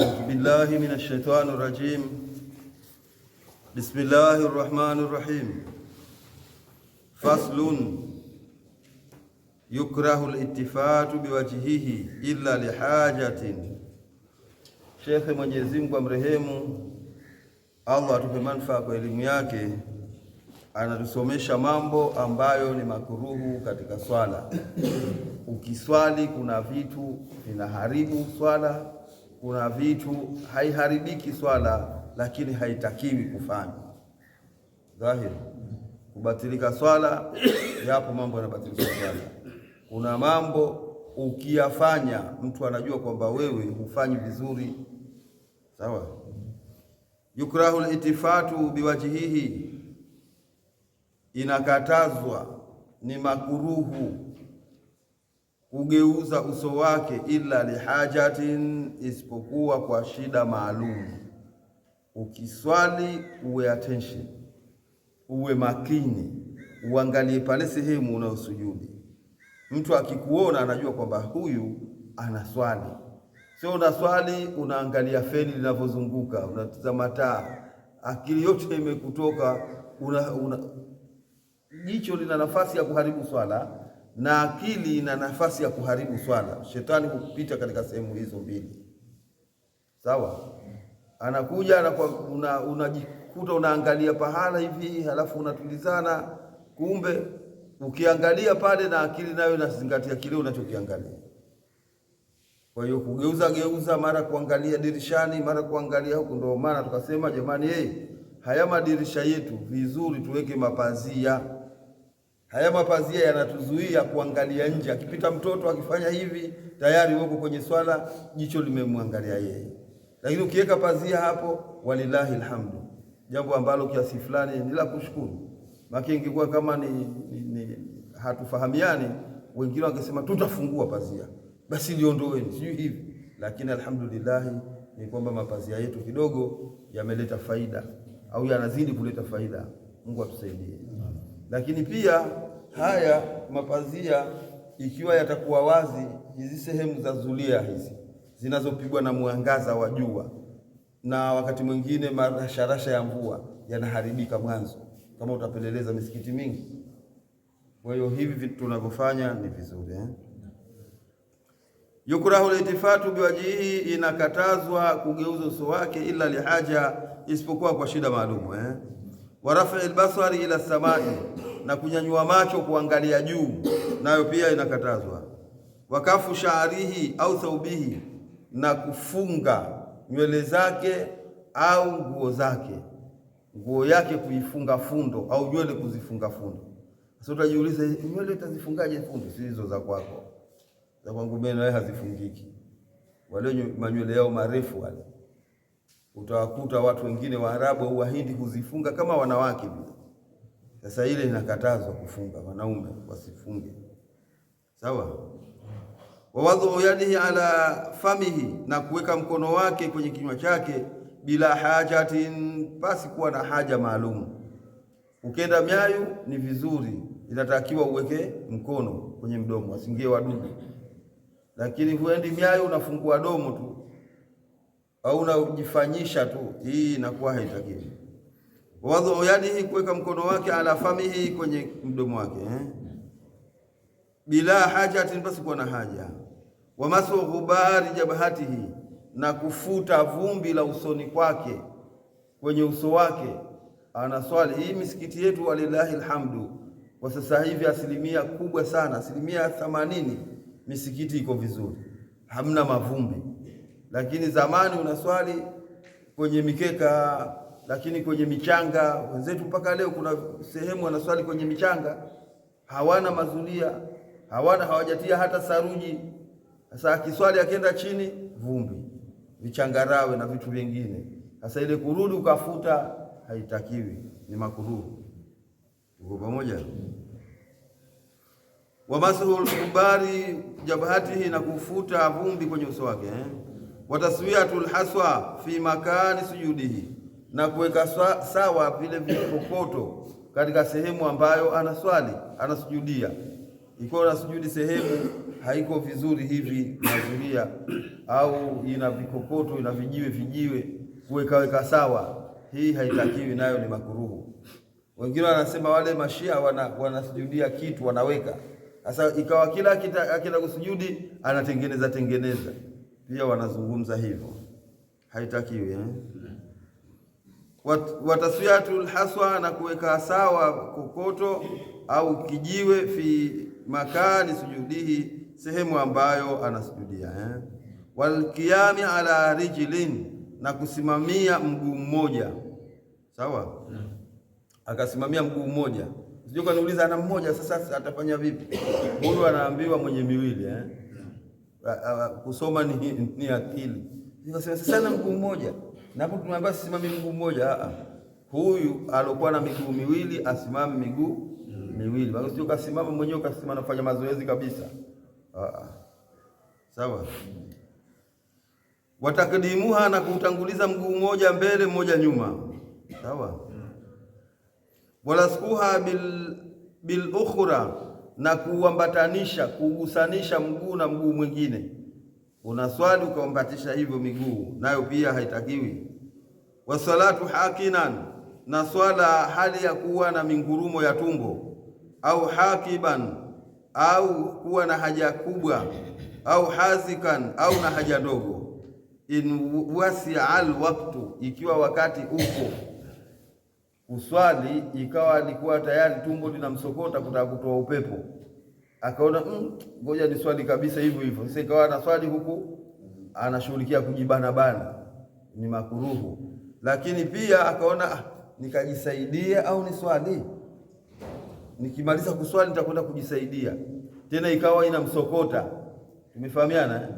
أعوذ بالله من الشيطان الرجيم بسم الله الرحمن الرحيم فصل يكره الاتفات بوجهه إلا لحاجة Sheikh Mwenyezi Mungu amrehemu, Allah atupe manufaa kwa elimu yake, anatusomesha mambo ambayo ni makuruhu katika swala. Ukiswali kuna vitu vinaharibu swala kuna vitu haiharibiki swala, lakini haitakiwi kufanywa dhahiri. Kubatilika swala, yapo mambo yanabatilisha swala. Kuna mambo ukiyafanya mtu anajua kwamba wewe hufanyi vizuri, sawa. Yukrahu litifatu biwajihihi, inakatazwa ni makuruhu kugeuza uso wake, ila lihajatin, isipokuwa kwa shida maalum. Ukiswali uwe attention, uwe makini, uangalie pale sehemu unayosujudi. Mtu akikuona anajua kwamba huyu anaswali, sio unaswali unaangalia feni linavyozunguka, unatazama taa, akili yote imekutoka una, una, jicho lina nafasi ya kuharibu swala na akili ina nafasi ya kuharibu swala. Shetani hupita katika sehemu hizo mbili, sawa. Anakuja na una, unajikuta unaangalia pahala hivi, halafu unatulizana, kumbe ukiangalia pale na akili nayo inazingatia kile unachokiangalia. Kwa hiyo kugeuza geuza, mara kuangalia dirishani, mara kuangalia huku. Ndio maana tukasema jamani, hey, eh, haya madirisha yetu vizuri tuweke mapazia Haya mapazia yanatuzuia kuangalia nje. Akipita mtoto akifanya hivi, tayari wako kwenye swala, jicho limemwangalia yeye. Lakini ukiweka pazia hapo, walilahi alhamdu, jambo ambalo kiasi fulani ni la kushukuru. Maki ingekuwa kama ni, ni, ni hatufahamiani, wengine wangesema tutafungua pazia basi liondoweni, sijui hivi. Lakini alhamdulillahi ni kwamba mapazia yetu kidogo yameleta faida au yanazidi kuleta faida. Mungu atusaidie. Lakini pia haya mapazia ikiwa yatakuwa wazi, hizi sehemu za zulia hizi zinazopigwa na mwangaza wa jua na wakati mwingine marasharasha ya mvua yanaharibika mwanzo, kama utapeleleza misikiti mingi. Kwa hiyo hivi vitu tunavyofanya ni vizuri eh? Yukrahu litifatu biwajihi, inakatazwa kugeuza uso wake, ila lihaja, isipokuwa kwa shida maalumu eh? Warafi albasari ila samai na kunyanyua macho kuangalia juu, nayo pia inakatazwa. Wakafu shaarihi au thaubihi, na kufunga nywele zake au nguo zake, nguo yake kuifunga fundo au nywele kuzifunga fundo. Sasa utajiuliza, nywele utazifungaje fundo? Si hizo za kwako, za kwangu mimi nawe hazifungiki. Wale manywele yao marefu wale, utawakuta watu wengine Waarabu au Wahindi huzifunga kama wanawake vile sasa ile inakatazwa kufunga, wanaume wasifunge. Sawa. Wawadhu yadihi ala famihi, na kuweka mkono wake kwenye kinywa chake, bila hajatin, pasi kuwa na haja maalum. Ukenda myayu ni vizuri, inatakiwa uweke mkono kwenye mdomo asingie wadudu, lakini huendi myayu unafungua domo tu au unajifanyisha tu, hii inakuwa haitakiwi wadhu yadihi, kuweka mkono wake, ala famihi, kwenye mdomo wake eh? bila hajatin, basi kuwa na haja. Wamasu ghubari jabhatihi, na kufuta vumbi la usoni kwake, kwenye uso wake. Ana swali hii misikiti yetu, walillahi alhamdu, kwa sasa hivi asilimia kubwa sana, asilimia thamanini misikiti iko vizuri, hamna mavumbi. Lakini zamani unaswali kwenye mikeka lakini kwenye michanga wenzetu mpaka leo kuna sehemu wanaswali kwenye michanga, hawana mazulia, hawana hawajatia hata saruji. Sasa akiswali akienda chini, vumbi, vichangarawe na vitu vingine. Sasa ile kurudi ukafuta haitakiwi, ni makuruhu. Uko pamoja? Wamasuhul lkubari jabhatihi, na kufuta vumbi kwenye uso wake eh? Wataswiatul lhaswa fi makani sujudihi na kuweka sawa vile vikokoto katika sehemu ambayo anaswali anasujudia. Ikiwa unasujudi sehemu haiko vizuri hivi nazuria, au ina vikokoto ina vijiwe vijiwe, kuwekaweka sawa, hii haitakiwi, nayo ni makuruhu. Wengine wanasema wale mashia wana, wanasujudia kitu wanaweka sasa, ikawa kila akitaka kusujudi anatengeneza tengeneza, pia wanazungumza hivyo, haitakiwi eh? wataswiatul haswa, na kuweka sawa kokoto au kijiwe, fi makani sujudihi, sehemu ambayo anasujudia eh? Walkiyami ala rijlin, na kusimamia mguu mmoja sawa, hmm. akasimamia mguu mmoja. Sijui kaniuliza ana mmoja, sasa atafanya vipi huyu? Anaambiwa mwenye miwili eh? Hmm. Kusoma ni, ni akili. Nikasema sasa na mguu mmoja Napo tunaambia simame mguu mmoja. Huyu alokuwa na miguu miwili asimame miguu miwili. bali sio kasimama mwenyewe kasimama anafanya mazoezi kabisa. Ah. Sawa. Watakdimuha na kuutanguliza mguu mmoja mbele mmoja nyuma. Sawa. Walaskuha bil bil ukhra na kuambatanisha kuugusanisha mguu na mguu mwingine unaswali ukaambatisha hivyo miguu, nayo pia haitakiwi. Wasalatu hakinan, na swala hali ya kuwa na mingurumo ya tumbo, au hakiban, au kuwa na haja kubwa, au hazikan, au na haja ndogo. In wasia al waktu, ikiwa wakati uko uswali ikawa alikuwa tayari tumbo linamsokota kutaka kutoa upepo akaona mm, ngoja mm, ni swali kabisa hivyo hivyo. Sasa ikawa swali huku anashughulikia kujibana bana, ni makuruhu, lakini pia akaona ah, nikajisaidia au ni swali, nikimaliza kuswali nitakwenda kujisaidia tena, ikawa inamsokota. Tumefahamiana, eh?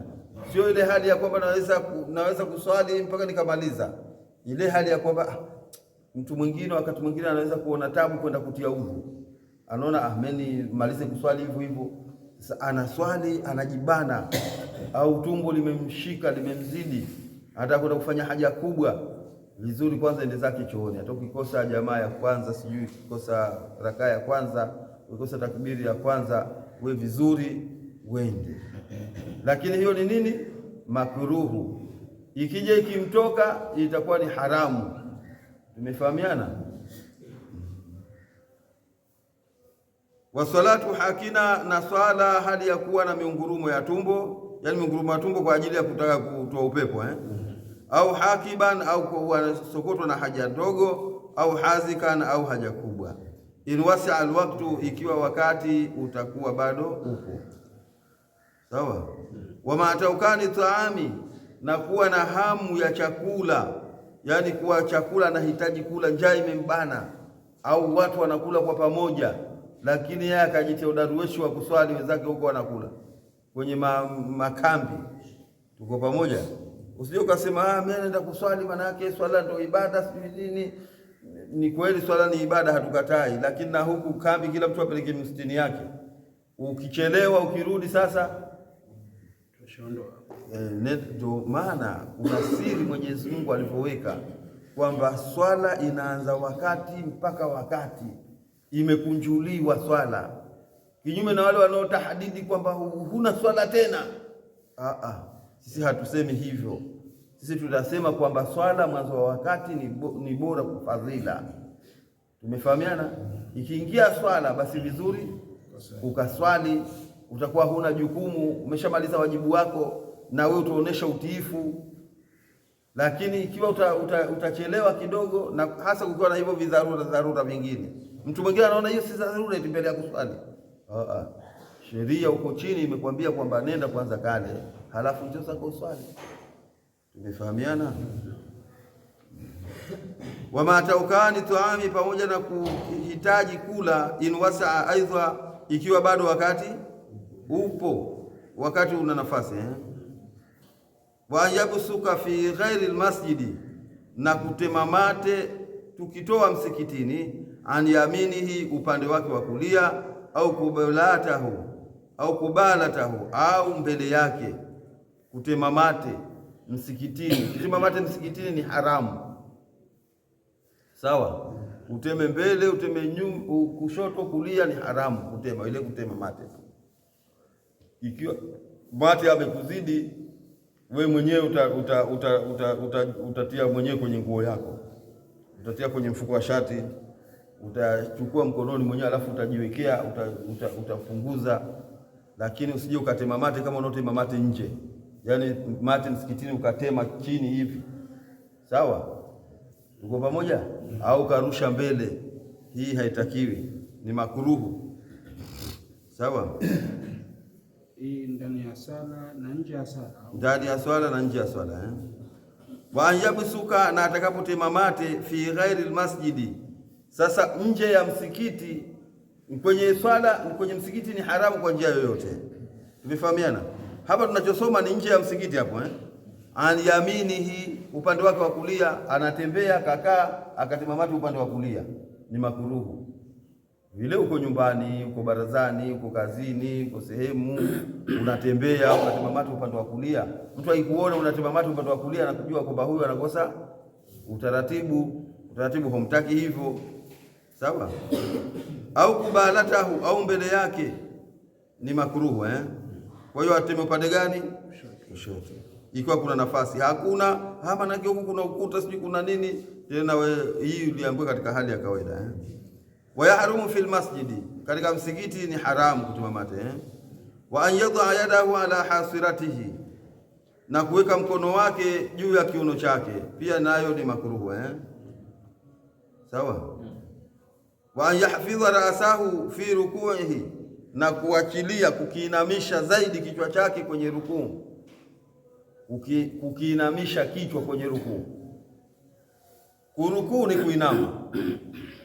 sio ile hali ya kwamba naweza, naweza kuswali mpaka nikamaliza, ile hali ya kwamba ah, mtu mwingine wakati mwingine anaweza kuona tabu kwenda kutia udhu anaona ameni ah, malize kuswali hivyo hivyo, anaswali anajibana, au tumbo limemshika limemzidi, anataka kwenda kufanya haja kubwa, vizuri kwanza ende zake chooni. Hata ukikosa jamaa ya kwanza, sijui ukikosa rakaa ya kwanza, ukikosa takbiri ya kwanza, we vizuri wende. Lakini hiyo ni nini? Makruhu. Ikija ikimtoka itakuwa ni haramu. Tumefahamiana? wasalatu hakina na swala hali ya kuwa na miungurumo ya tumbo, yani miungurumo ya tumbo kwa ajili ya kutaka kutoa upepo eh? au hakiban au kuwa sokotwa na haja ndogo au hazikan au haja kubwa. In wasi'a alwaktu, ikiwa wakati utakuwa bado upo sawa. Wamataukani taami, na kuwa na hamu ya chakula, yani kuwa chakula anahitaji kula, njaa imembana, au watu wanakula kwa pamoja lakini yeye akajitia udarueshi wa kuswali, wenzake huko wanakula kwenye ma, makambi. Tuko pamoja, usije ukasema ah, mimi naenda kuswali, maana yake swala ndio ibada, sijui nini. Ni kweli swala ni ibada, hatukatai, lakini na huku kambi kila mtu apeleke msitini yake. Ukichelewa ukirudi sasa eh, ndio e, maana kuna siri Mwenyezi Mungu alivyoweka kwamba swala inaanza wakati mpaka wakati imekunjuliwa swala, kinyume na wale wanaotahadidi kwamba huna swala tena. ah, sisi hatusemi hivyo. Sisi tunasema kwamba swala mwanzo wa wakati ni, bo, ni bora kwa fadhila. Tumefahamiana, ikiingia swala basi vizuri ukaswali, utakuwa huna jukumu, umeshamaliza wajibu wako na wewe utaonesha utiifu. Lakini ikiwa uta, uta, utachelewa kidogo, na hasa kukiwa na hivyo vidharura dharura vingine Mtu mwingine anaona hiyo si dharura eti mbele ya kuswali. Ah, ah, sheria huko chini imekwambia kwamba nenda kwanza kale, halafu njoo sasa uswali. Tumefahamiana? ma taukani tuami, pamoja na kuhitaji kula. In wasa aidha, ikiwa bado wakati upo, wakati una nafasi eh? wa yabsuka fi ghairi lmasjidi, na kutemamate tukitoa msikitini an yaminihi, upande wake wa kulia, au kubalatahu au kubalatahu, au mbele yake. Kutema mate msikitini, kutema mate msikitini ni haramu. Sawa, uteme mbele, uteme nyuma, kushoto, kulia, ni haramu kutema ile, kutema mate ikiwa mate amekuzidi we mwenyewe utatia uta, uta, uta, uta, uta mwenyewe kwenye nguo yako, utatia kwenye mfuko wa shati utachukua mkononi mwenyewe, alafu utajiwekea utapunguza, uta, uta lakini usije ukatema mate kama unaotema mate nje, yaani mate msikitini ukatema chini hivi, sawa? Uko pamoja? Au karusha mbele, hii haitakiwi, ni makuruhu, sawa? ndani ya swala na nje ya swala, ndani ya swala na nje ya eh? wa anyabusuka na atakapotema mate fi ghairi almasjidi sasa nje ya msikiti, kwenye swala kwenye msikiti ni haramu kwa njia yoyote. Tumefahamiana hapa, tunachosoma ni nje ya msikiti hapo eh? An yaminihi, upande wake wa kulia, anatembea kakaa, akatemamatu upande wa kulia ni makuruhu vile uko nyumbani, uko barazani, uko kazini, uko sehemu unatembea, unatemamata upande wa kulia, mtu akikuona unatemamata upande wa kulia, anakujua kwamba huyu anakosa utaratibu. Utaratibu humtaki hivyo sawa au kubalatahu au mbele yake ni makruhu eh? Kwa hiyo ateme upande gani? Kushoto ikiwa kuna nafasi. Hakuna hapa na huku kuna ukuta sijui kuna nini tena, wewe hii uliambiwa katika hali ya kawaida eh? Wa yahrumu fil masjidi, katika msikiti ni haramu kutuma mate eh? Wa an yadha yadahu ala hasiratihi, na kuweka mkono wake juu ya kiuno chake, pia nayo ni makruhu eh? sawa wa yahfidha rasahu fi rukuihi, na kuachilia kukiinamisha zaidi kichwa chake kwenye rukuu, kukiinamisha kichwa kwenye rukuu. Kurukuu ni kuinama,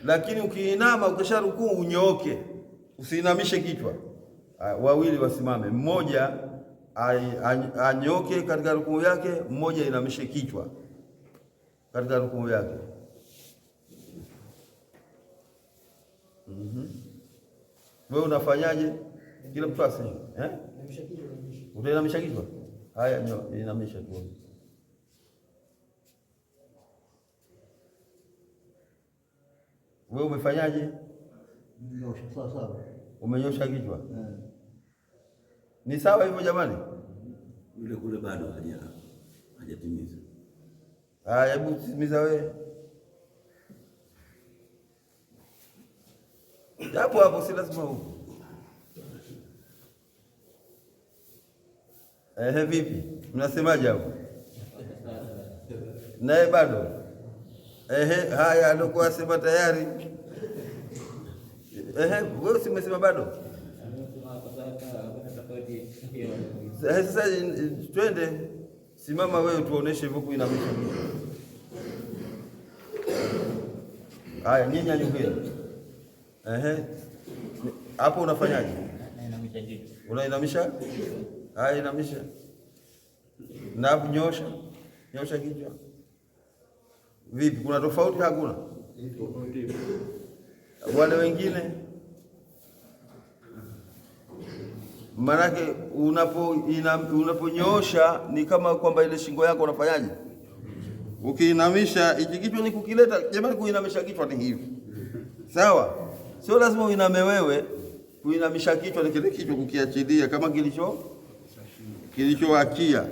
lakini ukiinama ukisha rukuu unyooke, usiinamishe kichwa. Wawili wasimame, mmoja anyoke katika rukuu yake, mmoja inamishe kichwa katika rukuu yake. mm -hmm. Wewe unafanyaje? Kila mtu asi eh? Utainamisha kichwa. Haya, nyo inamisha tu. Wewe umefanyaje? Umenyosha kichwa, eh. ni sawa hivyo jamani? Yule kule bado hajatimiza. Haya, hebu timiza wewe. hapo hapo, si lazima huko. Ehe, vipi, mnasemaje hapo? Naye bado ehe, haya alikuwa asema tayari. Ehe, wewe simesema bado. Sasa twende, simama wewe, tuoneshe huku inamisha. Haya, nyinyi anyukeni Ehe. Hapo unafanyaje? Unainamisha? Ah, inamisha. Na kunyosha. Nyosha kichwa. Vipi? Kuna tofauti hakuna? Wale wengine maanake unaponyoosha unapo ni kama kwamba ile shingo yako unafanyaje? Ukiinamisha, ijikicho kichwa ni kukileta. Jamani, kuinamisha kichwa ni hivi, sawa? Sio lazima uiname wewe, kuinamisha kichwa ni kile kichwa kukiachilia kama kilicho kilichoakia.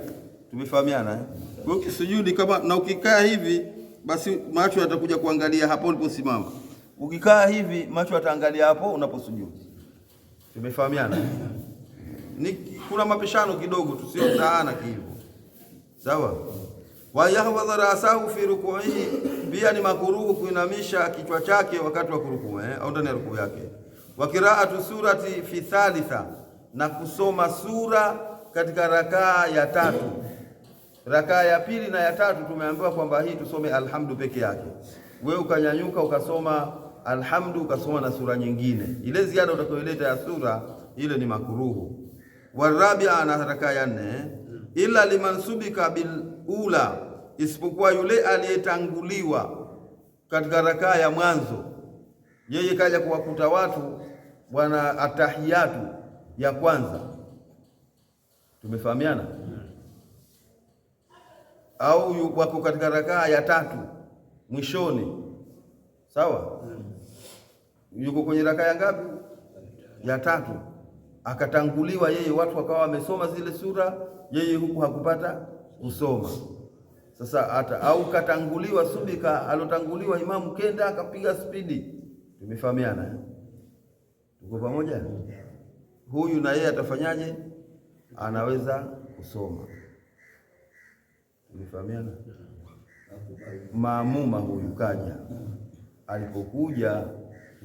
Tumefahamiana eh? Kwa hiyo kisujudi kama na ukikaa hivi basi macho yatakuja kuangalia hapo uliposimama. Ukikaa hivi macho yataangalia hapo unaposujudi. Tumefahamiana? Eh? Ni kuna mapishano kidogo tusio saana kivyo. Sawa? wayahdha rasahu fi rukuihi, pia ni makuruhu kuinamisha kichwa chake wakati wa kurukuu eh, au ndani ya rukuu yake. Wa qiraatu surati fi thalitha, na kusoma sura katika rakaa ya tatu. Rakaa ya pili na ya tatu tumeambiwa kwamba hii tusome alhamdu peke yake. Wewe ukanyanyuka ukasoma alhamdu ukasoma na sura nyingine, ile ziada utakayoleta ya sura ile ni makuruhu. Warabia na rakaa ya nne, ila subika bil ula isipokuwa yule aliyetanguliwa katika rakaa ya mwanzo, yeye kaja kuwakuta watu bwana atahiyatu ya kwanza. Tumefahamiana? au wako katika rakaa ya tatu mwishoni, sawa? Yuko kwenye rakaa ya ngapi? Ya tatu, akatanguliwa yeye, watu wakawa wamesoma zile sura, yeye huku hakupata kusoma. Sasa hata au katanguliwa subika, alotanguliwa imamu kenda akapiga spidi. Tumefahamiana, eh? tuko pamoja. Huyu na yeye atafanyaje? Anaweza kusoma. Tumefahamiana. Maamuma huyu kaja, alipokuja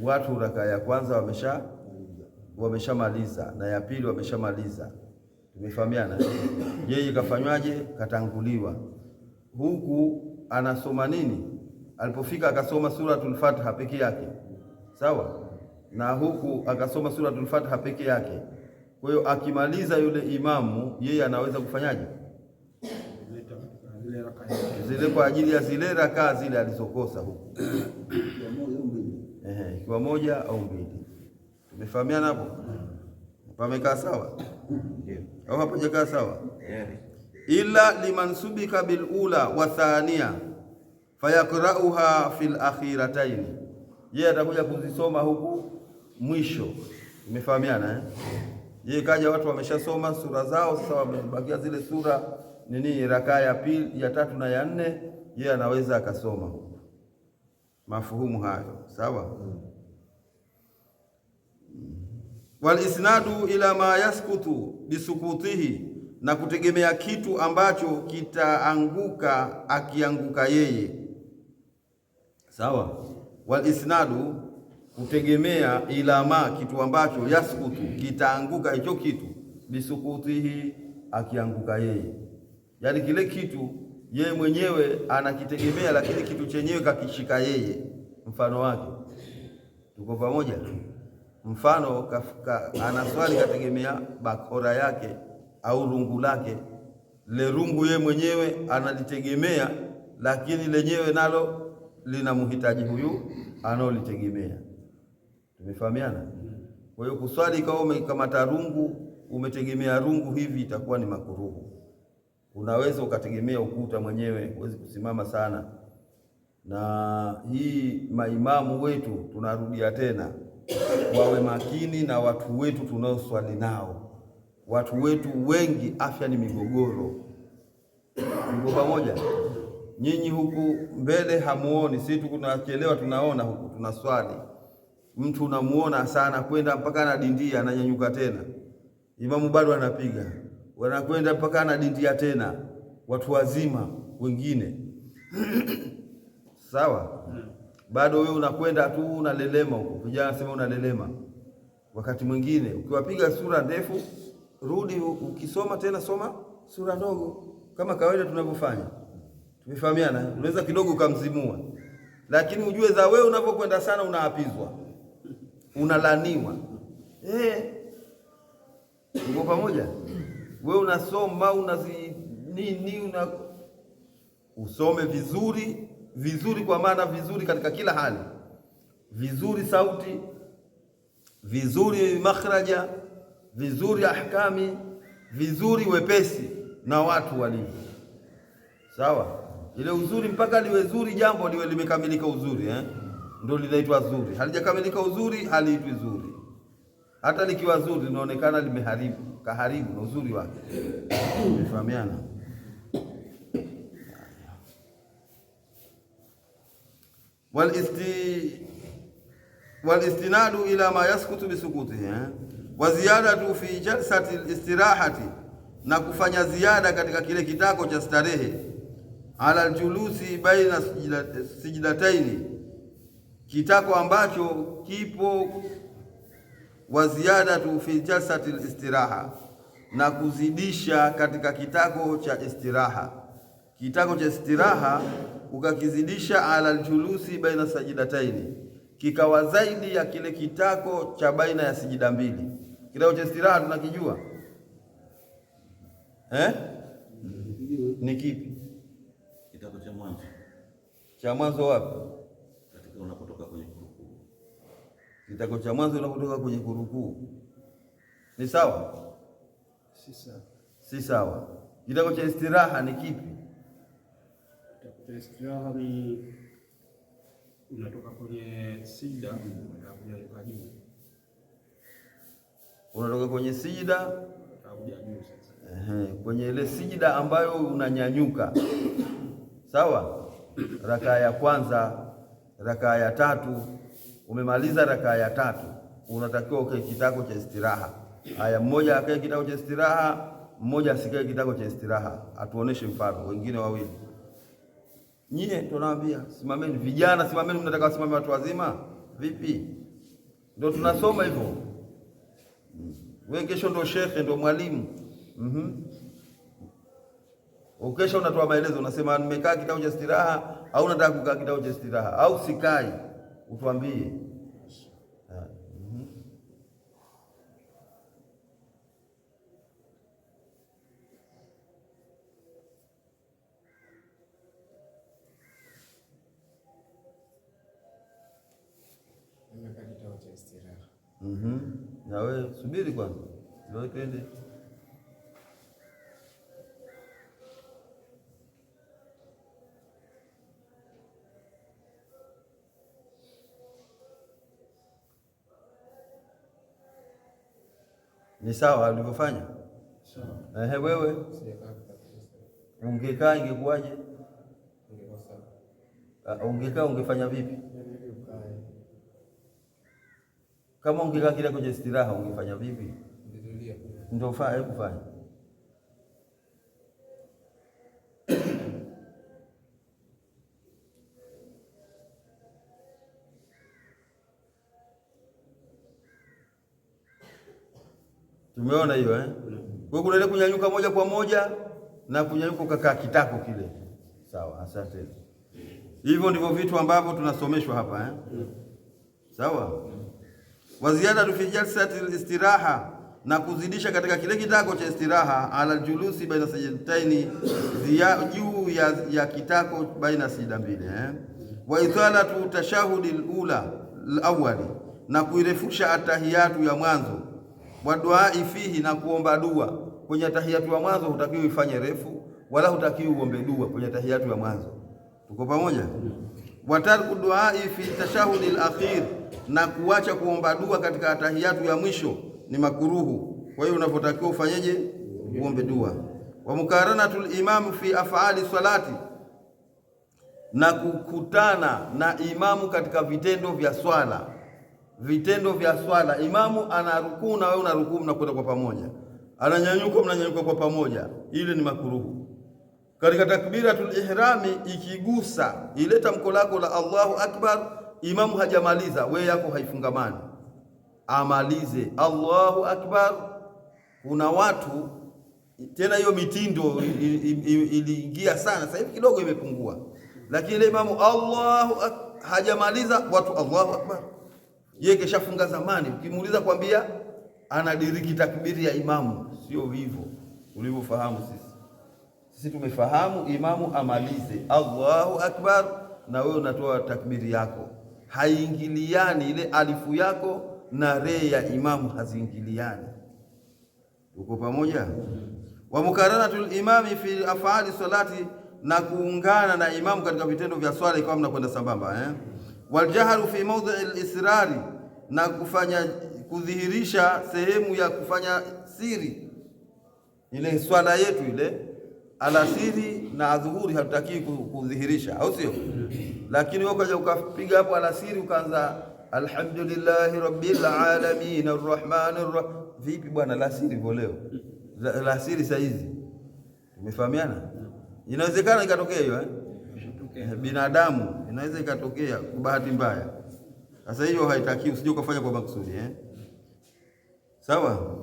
watu raka ya kwanza wamesha wameshamaliza na ya pili wameshamaliza. Tumefahamiana. Yeye kafanywaje? Katanguliwa huku anasoma nini? Alipofika akasoma suratul Fatiha peke yake, sawa na huku akasoma suratul Fatiha peke yake. Kwa hiyo akimaliza yule imamu, yeye anaweza kufanyaje zile kwa ajili ya zile rakaa zile alizokosa huku ehe, ikiwa moja au mbili. Tumefahamiana hapo? Pamekaa sawa au hapajakaa sawa? illa liman subika bilula wa thania fayakrauha fil akhirataini, yeye atakuja kuzisoma huku mwisho. Imefahamiana eh? Yeye kaja watu wameshasoma sura zao, sasa wamebakia zile sura nini, rakaa ya pili, ya tatu na ya nne, yeye anaweza akasoma mafuhumu hayo, sawa Wal isnadu ila ma yaskutu bisukutihi na kutegemea kitu ambacho kitaanguka akianguka yeye. Sawa, walisnadu kutegemea ilama, kitu ambacho yaskutu, kitaanguka hicho kitu, bisukutihi, akianguka yeye. Yaani kile kitu yeye mwenyewe anakitegemea, lakini kitu chenyewe kakishika yeye. Mfano wake, tuko pamoja? Mfano kafuka, anaswali kategemea bakora yake au rungu lake le rungu ye mwenyewe analitegemea, lakini lenyewe nalo linamhitaji huyu anaolitegemea. Tumefahamiana? Kwa hiyo kuswali kama umekamata rungu, umetegemea rungu hivi, itakuwa ni makuruhu. Unaweza ukategemea ukuta mwenyewe, huwezi kusimama sana. Na hii maimamu wetu, tunarudia tena, wawe makini na watu wetu tunaoswali nao watu wetu wengi afya ni migogoro. Mgomba moja, nyinyi huku mbele hamuoni, sisi tu tunachelewa, tunaona huku tunaswali, mtu unamuona sana kwenda mpaka anadindia, ananyanyuka tena, imamu bado anapiga, wanakwenda mpaka anadindia tena, watu wazima wengine sawa, bado wewe unakwenda tu unalelema huko, vijana sema unalelema. Wakati mwingine ukiwapiga sura ndefu rudi ukisoma tena, soma sura ndogo kama kawaida tunavyofanya. Tumefahamiana, unaweza kidogo ukamzimua, lakini ujue za wewe unavyokwenda sana, unaapizwa, unalaniwa. Eh, uko pamoja? Wewe unasoma unazi nini, una usome vizuri vizuri, kwa maana vizuri katika kila hali, vizuri sauti, vizuri makhraja vizuri ahkami vizuri wepesi na watu walivyo sawa. Ile uzuri mpaka liwe zuri, jambo liwe limekamilika uzuri eh? Ndio linaitwa zuri. Halijakamilika uzuri haliitwi zuri. Hata likiwa zuri linaonekana limeharibu, kaharibu na uzuri wake. isti... wal istinadu ila ma yaskutu bisukutihi eh? wa ziyadatu fi jalsati listirahati, na kufanya ziada katika kile kitako cha starehe, ala julusi baina sijidataini, kitako ambacho kipo. Wa ziyadatu fi jalsati listiraha, na kuzidisha katika kitako cha istiraha, kitako cha istiraha ukakizidisha, ala julusi baina sajidataini, kikawa zaidi ya kile kitako cha baina ya sijida mbili. Kileo cha istiraha tunakijua eh? Ni kipi Kitabu cha mwanzo? Cha mwanzo wapi? Katika unapotoka kwenye kurukuu. Kitabu cha mwanzo unapotoka kwenye kurukuu ni sawa? Si sawa, si sawa. Kitabu cha istiraha ni kipi? Istiraha ni unatoka kwenye sijda kwenye juu unatoka kwenye sijida kwenye ile sijida ambayo unanyanyuka sawa, rakaa ya kwanza, rakaa ya tatu, umemaliza rakaa ya tatu, unatakiwa ukae kitako cha istiraha. Haya, mmoja akae kitako cha istiraha, mmoja asikae kitako cha istiraha. Atuoneshe mfano, wengine wawili. Nyie tunawaambia simameni, vijana simameni. Mnataka wasimame watu wazima vipi? Ndio tunasoma hivyo wewe kesho ndo shekhe ndo mwalimu mm -hmm. Ukesha unatoa maelezo, unasema nimekaa kikao cha istiraha au nataka kukaa kikao cha stiraha au sikai, utuambie Mm -hmm na wewe subiri kwanza, twende. Ni sawa ulivyofanya. Ehe, wewe ungekaa ingekuwaje? Ah, ungekaa ungefanya vipi? Kama ungekaa kile kwenye istiraha ungefanya vipi? Ndio faa kufanya tumeona hiyo eh? kuna ile kunyanyuka moja kwa moja na kunyanyuka ukakaa kitako kile. Sawa, asante. Hivyo ndivyo vitu ambavyo tunasomeshwa hapa eh? Mm. Sawa wa ziyadatu fi jalsati istiraha, na kuzidisha katika kile kitako cha istiraha, ala julusi baina sajdatain, juu ya, ya kitako baina sijida mbili eh. wa ithalatu tashahudi alula alawali, na kuirefusha atahiyatu ya mwanzo, wa duai fihi, na kuomba dua kwenye tahiyatu ya mwanzo. Hutakiwi ifanye refu wala hutakiwi uombe dua kwenye tahiyatu ya mwanzo. Tuko pamoja? wa tarku duai fi tashahudi alakhir, na kuacha kuomba dua katika tahiyatu ya mwisho ni makuruhu. Kwa hiyo unapotakiwa ufanyeje? Uombe dua. Wa mukaranatu limamu fi afali salati, na kukutana na imamu katika vitendo vya swala. Vitendo vya swala, imamu anarukuu na wewe unarukuu, mnakwenda kwa pamoja, ananyanyuka mnanyanyuka kwa pamoja, ile ni makuruhu katika takbiratul ihrami ikigusa ile tamko lako la Allahu akbar, imamu hajamaliza, wewe yako haifungamani, amalize Allahu akbar. Kuna watu tena, hiyo mitindo iliingia sana sasa hivi, kidogo imepungua, lakini ile imamu Allahu hajamaliza, watu Allahu akbar, yeye keshafunga zamani. Ukimuuliza kwambia anadiriki takbiri ya imamu, sio vivyo ulivyofahamu sisi sisi tumefahamu imamu amalize Allahu akbar, na wewe unatoa takbiri yako, haiingiliani ile alifu yako na re ya imamu haziingiliani. Uko pamoja? wa mukaranatul imami fi afali salati, na kuungana na imamu katika vitendo vya swala ikawa mnakwenda sambamba eh? waljaharu fi mawdhi lisrari israri na kufanya kudhihirisha sehemu ya kufanya siri, ile swala yetu ile alasiri na adhuhuri hatutakii kudhihirisha, au sio? Lakini wewe ukaja ukapiga hapo alasiri ukaanza alhamdulillahi rabbil alamin arrahmanir rahim. Vipi bwana, lasiri hivyo leo lasiri saa hizi umefahamiana? Inawezekana ikatokea hiyo eh? Binadamu inaweza ikatokea kwa bahati mbaya. Sasa hiyo haitaki usije ukafanya kwa makusudi eh? Sawa.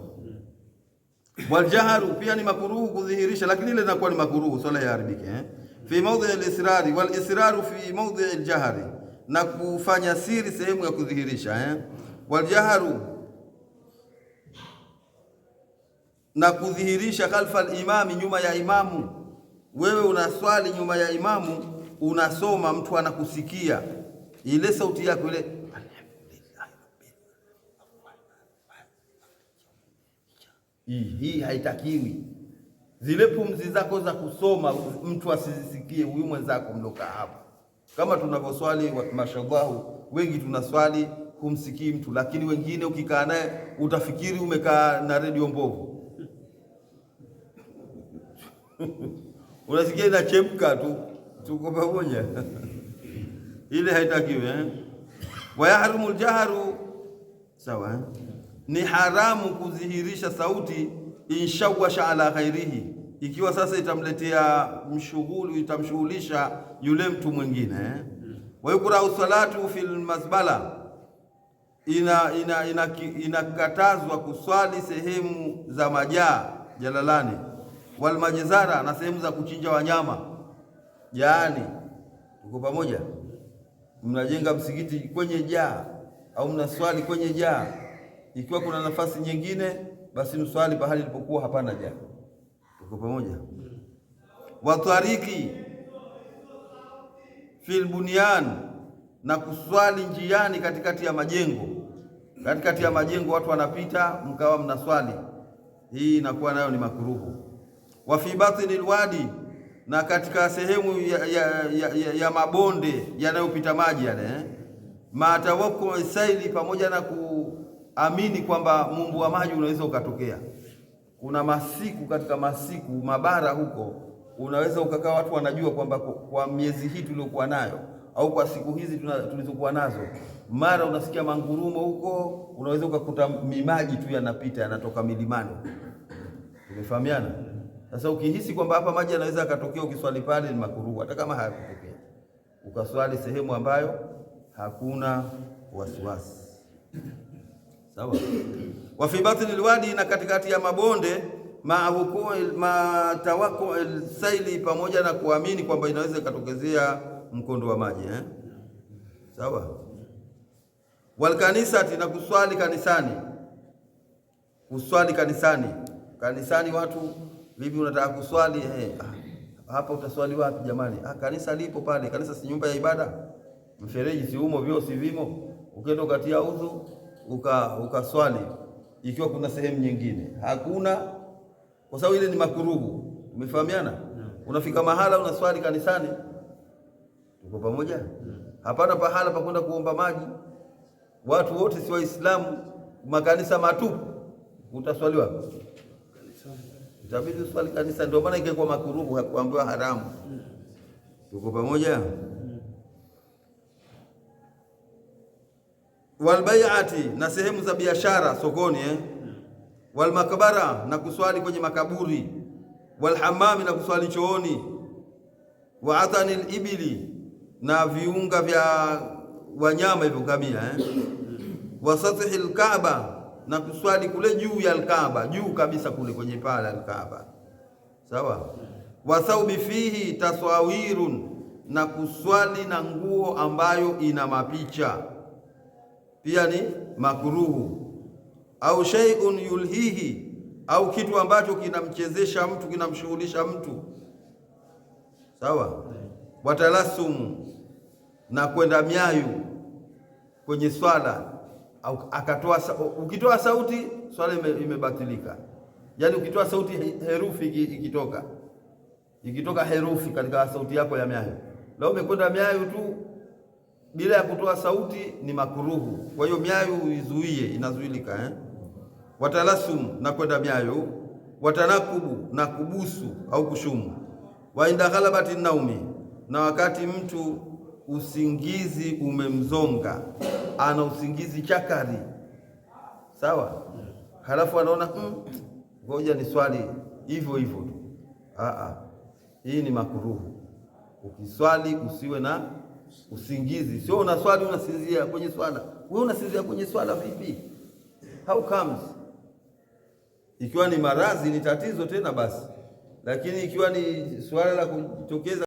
Waljaharu pia ni makuruhu kudhihirisha, lakini ile inakuwa ni makuruhu, swala yaharibike eh? fi mawdhi al wal israru fi mawdhi al na kufanya siri sehemu ya kudhihirisha eh? Waljaharu na kudhihirisha khalfa al nyuma ya imamu. Wewe unaswali nyuma ya imamu, unasoma, mtu anakusikia ile sauti yako ile hii hii haitakiwi. Zile pumzi zako za kusoma mtu asizisikie huyu mwenzako mloka hapo, kama tunavyoswali mashallahu, wengi tunaswali humsikii mtu, lakini wengine ukikaa naye utafikiri umekaa na redio mbovu unasikia inachemka tu, tuko pamoja ile haitakiwi eh? wayahrumu ljaharu sawa eh? ni haramu kudhihirisha sauti inshawasha ala ghairihi, ikiwa sasa itamletea mshughuli, itamshughulisha yule mtu mwingine eh? wayukrahu salatu fil mazbala, inakatazwa ina, ina, ina kuswali sehemu za majaa jalalani, walmajzara, na sehemu za kuchinja wanyama jaani. Tuko pamoja? Mnajenga msikiti kwenye jaa au mnaswali kwenye jaa ikiwa kuna nafasi nyingine, basi mswali pahali ilipokuwa hapana jana. Tuko pamoja. Watariki fil bunyan, na kuswali njiani, katikati ya majengo. Katikati ya majengo watu wanapita, mkawa mnaswali, hii inakuwa nayo ni makuruhu. Wa fi batni alwadi, na katika sehemu ya, ya, ya, ya, ya mabonde yanayopita maji yale, eh? maatawaku isaili, pamoja na ku amini kwamba Mungu wa maji unaweza ukatokea. Kuna masiku katika masiku mabara huko, unaweza ukakaa watu wanajua kwamba kwa miezi hii tuliokuwa nayo au kwa siku hizi tulizokuwa nazo, mara unasikia mangurumo huko, unaweza ukakuta mimaji tu yanapita yanatoka milimani. Tumefahamiana? Sasa ukihisi kwamba hapa maji yanaweza akatokea, ukiswali pale ni makuruu, hata kama hayakutokea, ukaswali sehemu ambayo hakuna wasiwasi sawa wa fi batni alwadi, na katikati ya mabonde matawako saili, pamoja na kuamini kwamba inaweza ikatokezea mkondo wa maji eh? sawa walkanisati, na kuswali kanisani, kuswali kanisani, kanisani watu vipi? Unataka kuswali eh? Ah, hapa utaswali wapi jamani? Ah, kanisa lipo pale. Kanisa si nyumba ya ibada? Mfereji si umo, vyoo si vimo? Ukienda ukatia udhu ukaswali ikiwa kuna sehemu nyingine hakuna, kwa sababu ile ni makuruhu. Umefahamiana? Hmm. Unafika mahala unaswali kanisani, uko pamoja, hmm. hapana pahala pa kwenda kuomba maji. Watu wote si Waislamu, makanisa matupu, utaswali wapi? Itabidi uswali kanisa. Ndio maana ikaikuwa makuruhu, hakuambiwa haramu. Hmm. Tuko pamoja. walbaiati na sehemu za biashara sokoni, eh? walmakbara na kuswali kwenye makaburi, walhamami na kuswali chooni, wa atani libili na viunga vya wanyama hivyo kamia, eh? wa sathi lkaaba na kuswali kule juu ya alkaaba, juu kabisa kule kwenye pale alkaaba, sawa. Wa thaubi fihi taswawirun na kuswali na nguo ambayo ina mapicha pia ni makruhu au shay'un yulhihi, au kitu ambacho kinamchezesha mtu kinamshughulisha mtu sawa. Watalasumu na kwenda miayu kwenye swala au akatoa, ukitoa sauti swala imebatilika. Yani ukitoa sauti herufi ikitoka ikitoka herufi katika sauti yako ya miayu leo umekwenda miayu tu bila ya kutoa sauti ni makuruhu. Kwa hiyo miayo izuie inazuilika eh? Watalasum na kwenda miayo, watanakubu na kubusu au kushumu, wainda ghalabati naumi, na wakati mtu usingizi umemzonga, ana usingizi chakari, sawa, halafu anaona mm, ngoja mm, ni swali hivyo hivyo tu. Hii ni makuruhu, ukiswali usiwe na usingizi. Sio unaswali unasinzia kwenye swala, wewe unasinzia kwenye swala vipi? How comes? Ikiwa ni maradhi ni tatizo tena basi, lakini ikiwa ni swala la kujitokeza